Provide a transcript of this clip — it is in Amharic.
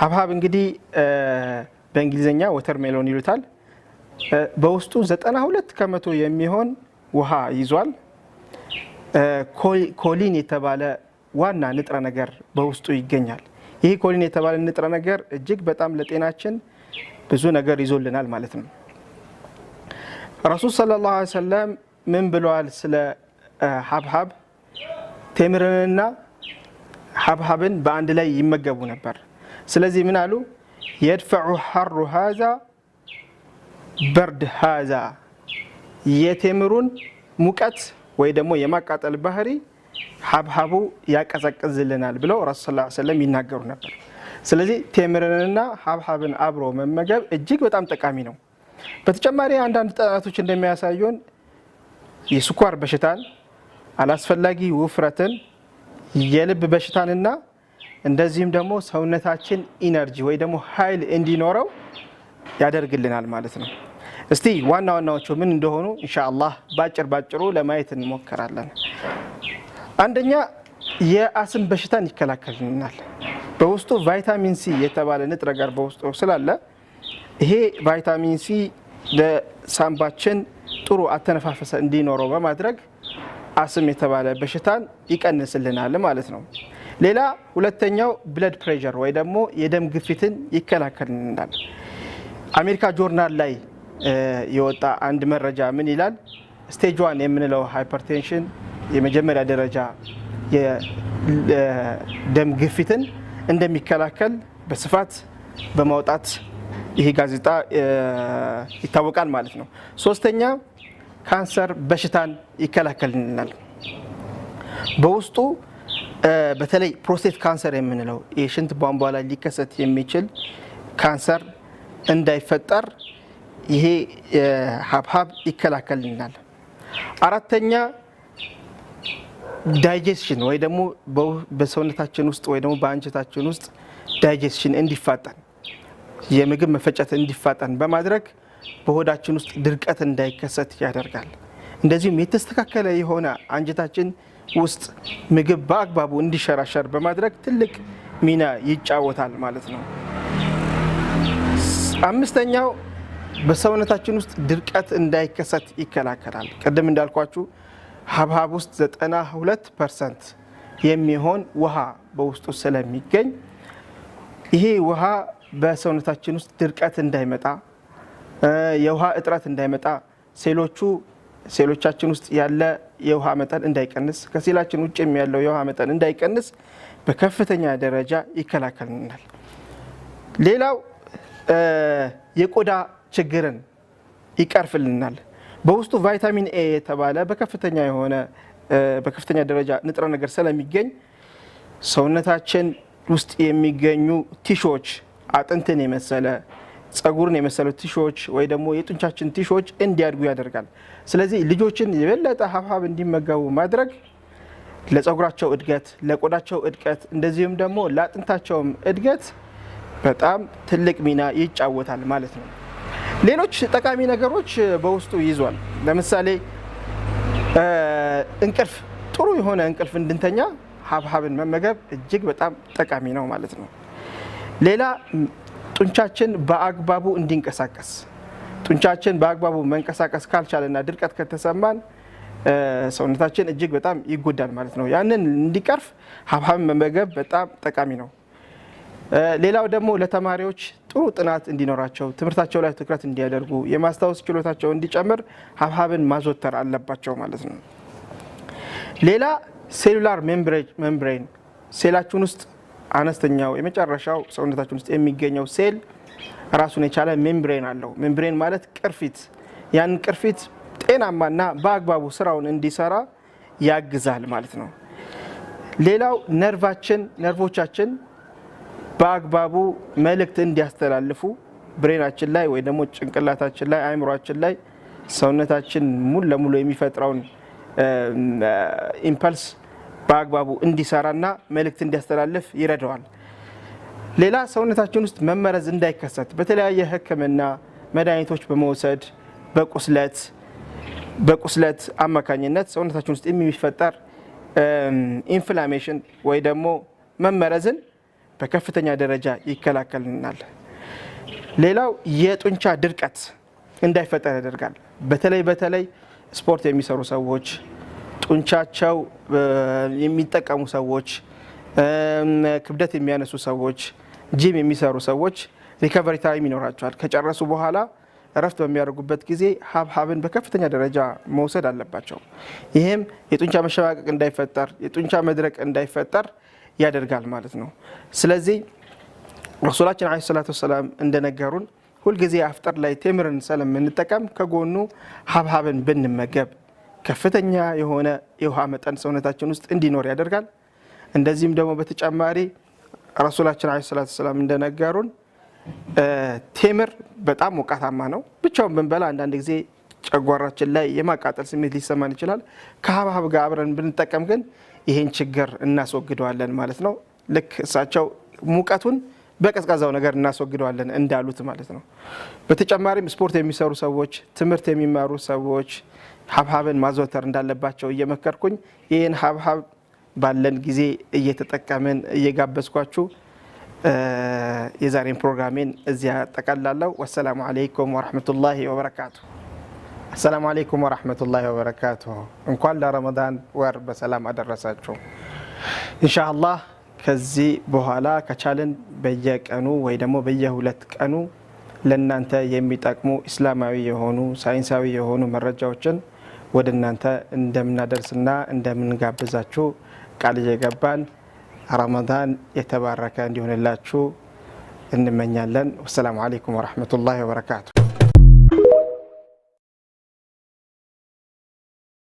ሀብሀብ እንግዲህ በእንግሊዝኛ ወተር ሜሎን ይሉታል። በውስጡ 92 ከመቶ የሚሆን ውሃ ይዟል። ኮሊን የተባለ ዋና ንጥረ ነገር በውስጡ ይገኛል። ይህ ኮሊን የተባለ ንጥረ ነገር እጅግ በጣም ለጤናችን ብዙ ነገር ይዞልናል ማለት ነው። ረሱል ሰለላሁ ዐለይሂ ወሰለም ምን ብለዋል ስለ ሀብሀብ? ቴምርንና ሀብሀብን በአንድ ላይ ይመገቡ ነበር። ስለዚህ ምን አሉ? የድፈዑ ሐሩ ሃዛ በርድ ሃዛ፣ የቴምሩን ሙቀት ወይ ደግሞ የማቃጠል ባህሪ ሀብሀቡ ያቀዘቅዝልናል ብለው ረሱ ስ ሰለም ይናገሩ ነበር። ስለዚህ ቴምርንና ሀብሀብን አብሮ መመገብ እጅግ በጣም ጠቃሚ ነው። በተጨማሪ አንዳንድ ጥናቶች እንደሚያሳዩን የስኳር በሽታን፣ አላስፈላጊ ውፍረትን፣ የልብ በሽታንና እንደዚህም ደግሞ ሰውነታችን ኢነርጂ ወይ ደግሞ ኃይል እንዲኖረው ያደርግልናል ማለት ነው። እስቲ ዋና ዋናዎቹ ምን እንደሆኑ ኢንሻአላህ ባጭር ባጭሩ ለማየት እንሞከራለን። አንደኛ የአስም በሽታን ይከላከልልናል። በውስጡ ቫይታሚን ሲ የተባለ ንጥረ ጋር በውስጡ ስላለ ይሄ ቫይታሚን ሲ ለሳምባችን ጥሩ አተነፋፈሰ እንዲኖረው በማድረግ አስም የተባለ በሽታን ይቀንስልናል ማለት ነው። ሌላ ሁለተኛው ብለድ ፕሬሸር ወይ ደግሞ የደም ግፊትን ይከላከልናል። አሜሪካ ጆርናል ላይ የወጣ አንድ መረጃ ምን ይላል? ስቴጅ ዋን የምንለው ሃይፐርቴንሽን የመጀመሪያ ደረጃ የደም ግፊትን እንደሚከላከል በስፋት በማውጣት ይህ ጋዜጣ ይታወቃል ማለት ነው። ሶስተኛ ካንሰር በሽታን ይከላከልናል በውስጡ በተለይ ፕሮስቴት ካንሰር የምንለው የሽንት ቧንቧ ላይ ሊከሰት የሚችል ካንሰር እንዳይፈጠር ይሄ ሀብሀብ ይከላከልናል። አራተኛ ዳይጀስሽን ወይ ደግሞ በሰውነታችን ውስጥ ወይ ደግሞ በአንጀታችን ውስጥ ዳይጀስሽን እንዲፋጠን የምግብ መፈጨት እንዲፋጠን በማድረግ በሆዳችን ውስጥ ድርቀት እንዳይከሰት ያደርጋል። እንደዚሁም የተስተካከለ የሆነ አንጀታችን ውስጥ ምግብ በአግባቡ እንዲሸራሸር በማድረግ ትልቅ ሚና ይጫወታል ማለት ነው። አምስተኛው በሰውነታችን ውስጥ ድርቀት እንዳይከሰት ይከላከላል። ቅድም እንዳልኳችሁ ሀብሀብ ውስጥ 92 ፐርሰንት የሚሆን ውሃ በውስጡ ስለሚገኝ ይሄ ውሃ በሰውነታችን ውስጥ ድርቀት እንዳይመጣ፣ የውሃ እጥረት እንዳይመጣ ሴሎቹ ሴሎቻችን ውስጥ ያለ የውሃ መጠን እንዳይቀንስ፣ ከሴላችን ውጭ ያለው የውሃ መጠን እንዳይቀንስ በከፍተኛ ደረጃ ይከላከልናል። ሌላው የቆዳ ችግርን ይቀርፍልናል። በውስጡ ቫይታሚን ኤ የተባለ በከፍተኛ የሆነ በከፍተኛ ደረጃ ንጥረ ነገር ስለሚገኝ ሰውነታችን ውስጥ የሚገኙ ቲሾች አጥንትን የመሰለ ጸጉርን የመሰሉ ቲሾች ወይ ደግሞ የጡንቻችን ቲሾች እንዲያድጉ ያደርጋል። ስለዚህ ልጆችን የበለጠ ሀብሀብ እንዲመገቡ ማድረግ ለጸጉራቸው እድገት፣ ለቆዳቸው እድገት እንደዚሁም ደግሞ ለአጥንታቸውም እድገት በጣም ትልቅ ሚና ይጫወታል ማለት ነው። ሌሎች ጠቃሚ ነገሮች በውስጡ ይዟል። ለምሳሌ እንቅልፍ፣ ጥሩ የሆነ እንቅልፍ እንድንተኛ ሀብሀብን መመገብ እጅግ በጣም ጠቃሚ ነው ማለት ነው። ሌላ ጡንቻችን በአግባቡ እንዲንቀሳቀስ ጡንቻችን በአግባቡ መንቀሳቀስ ካልቻለና ድርቀት ከተሰማን ሰውነታችን እጅግ በጣም ይጎዳል ማለት ነው። ያንን እንዲቀርፍ ሀብሀብ መመገብ በጣም ጠቃሚ ነው። ሌላው ደግሞ ለተማሪዎች ጥሩ ጥናት እንዲኖራቸው ትምህርታቸው ላይ ትኩረት እንዲያደርጉ የማስታወስ ችሎታቸው እንዲጨምር ሀብሀብን ማዘወተር አለባቸው ማለት ነው። ሌላ ሴሉላር ሜምብሬን ሴላችን ውስጥ አነስተኛው የመጨረሻው ሰውነታችን ውስጥ የሚገኘው ሴል ራሱን የቻለ ሜምብሬን አለው። ሜምብሬን ማለት ቅርፊት፣ ያንን ቅርፊት ጤናማና በአግባቡ ስራውን እንዲሰራ ያግዛል ማለት ነው። ሌላው ነርቫችን ነርቮቻችን በአግባቡ መልእክት እንዲያስተላልፉ ብሬናችን ላይ ወይ ደግሞ ጭንቅላታችን ላይ አእምሯችን ላይ ሰውነታችን ሙሉ ለሙሉ የሚፈጥረውን ኢምፐልስ በአግባቡ እንዲሰራና መልእክት እንዲያስተላልፍ ይረዳዋል። ሌላ ሰውነታችን ውስጥ መመረዝ እንዳይከሰት በተለያየ ሕክምና መድኃኒቶች በመውሰድ በቁስለት በቁስለት አማካኝነት ሰውነታችን ውስጥ የሚፈጠር ኢንፍላሜሽን ወይ ደግሞ መመረዝን በከፍተኛ ደረጃ ይከላከልናል። ሌላው የጡንቻ ድርቀት እንዳይፈጠር ያደርጋል። በተለይ በተለይ ስፖርት የሚሰሩ ሰዎች ጡንቻቸው የሚጠቀሙ ሰዎች፣ ክብደት የሚያነሱ ሰዎች፣ ጂም የሚሰሩ ሰዎች ሪከቨሪ ታይም ይኖራቸዋል። ከጨረሱ በኋላ እረፍት በሚያደርጉበት ጊዜ ሀብሀብን በከፍተኛ ደረጃ መውሰድ አለባቸው። ይህም የጡንቻ መሸባቀቅ እንዳይፈጠር፣ የጡንቻ መድረቅ እንዳይፈጠር ያደርጋል ማለት ነው። ስለዚህ ረሱላችን ዓለይሂ ሰላቱ ወሰላም እንደነገሩን ሁልጊዜ አፍጠር ላይ ቴምርን ስለምንጠቀም ከጎኑ ሀብሀብን ብንመገብ ከፍተኛ የሆነ የውሃ መጠን ሰውነታችን ውስጥ እንዲኖር ያደርጋል። እንደዚህም ደግሞ በተጨማሪ ረሱላችን ዐለይሂ ሰላቱ ወሰላም እንደነገሩን ቴምር በጣም ሞቃታማ ነው። ብቻውን ብንበላ አንዳንድ ጊዜ ጨጓራችን ላይ የማቃጠል ስሜት ሊሰማን ይችላል። ከሀብሀብ ጋር አብረን ብንጠቀም ግን ይህን ችግር እናስወግደዋለን ማለት ነው። ልክ እሳቸው ሙቀቱን በቀዝቃዛው ነገር እናስወግደዋለን እንዳሉት ማለት ነው። በተጨማሪም ስፖርት የሚሰሩ ሰዎች፣ ትምህርት የሚማሩ ሰዎች ሀብሀብን ማዘውተር እንዳለባቸው እየመከርኩኝ ይህን ሀብሀብ ባለን ጊዜ እየተጠቀምን እየጋበዝኳችሁ የዛሬን ፕሮግራሜን እዚያ ጠቃላለሁ። ወሰላሙ አለይኩም ወረህመቱላሂ ወበረካቱ። አሰላሙ አለይኩም ወረህመቱላሂ ወበረካቱ። እንኳን ለረመዳን ወር በሰላም አደረሳችሁ። አላህ ከዚህ በኋላ ከቻልን በየቀኑ ወይ ደግሞ በየሁለት ቀኑ ለእናንተ የሚጠቅሙ ኢስላማዊ የሆኑ ሳይንሳዊ የሆኑ መረጃዎችን ወደ እናንተ እንደምናደርስና እንደምንጋብዛችሁ ቃል እየገባን ረመዳን የተባረከ እንዲሆንላችሁ እንመኛለን። ወሰላሙ አለይኩም ወረሕመቱላሂ ወበረካቱ።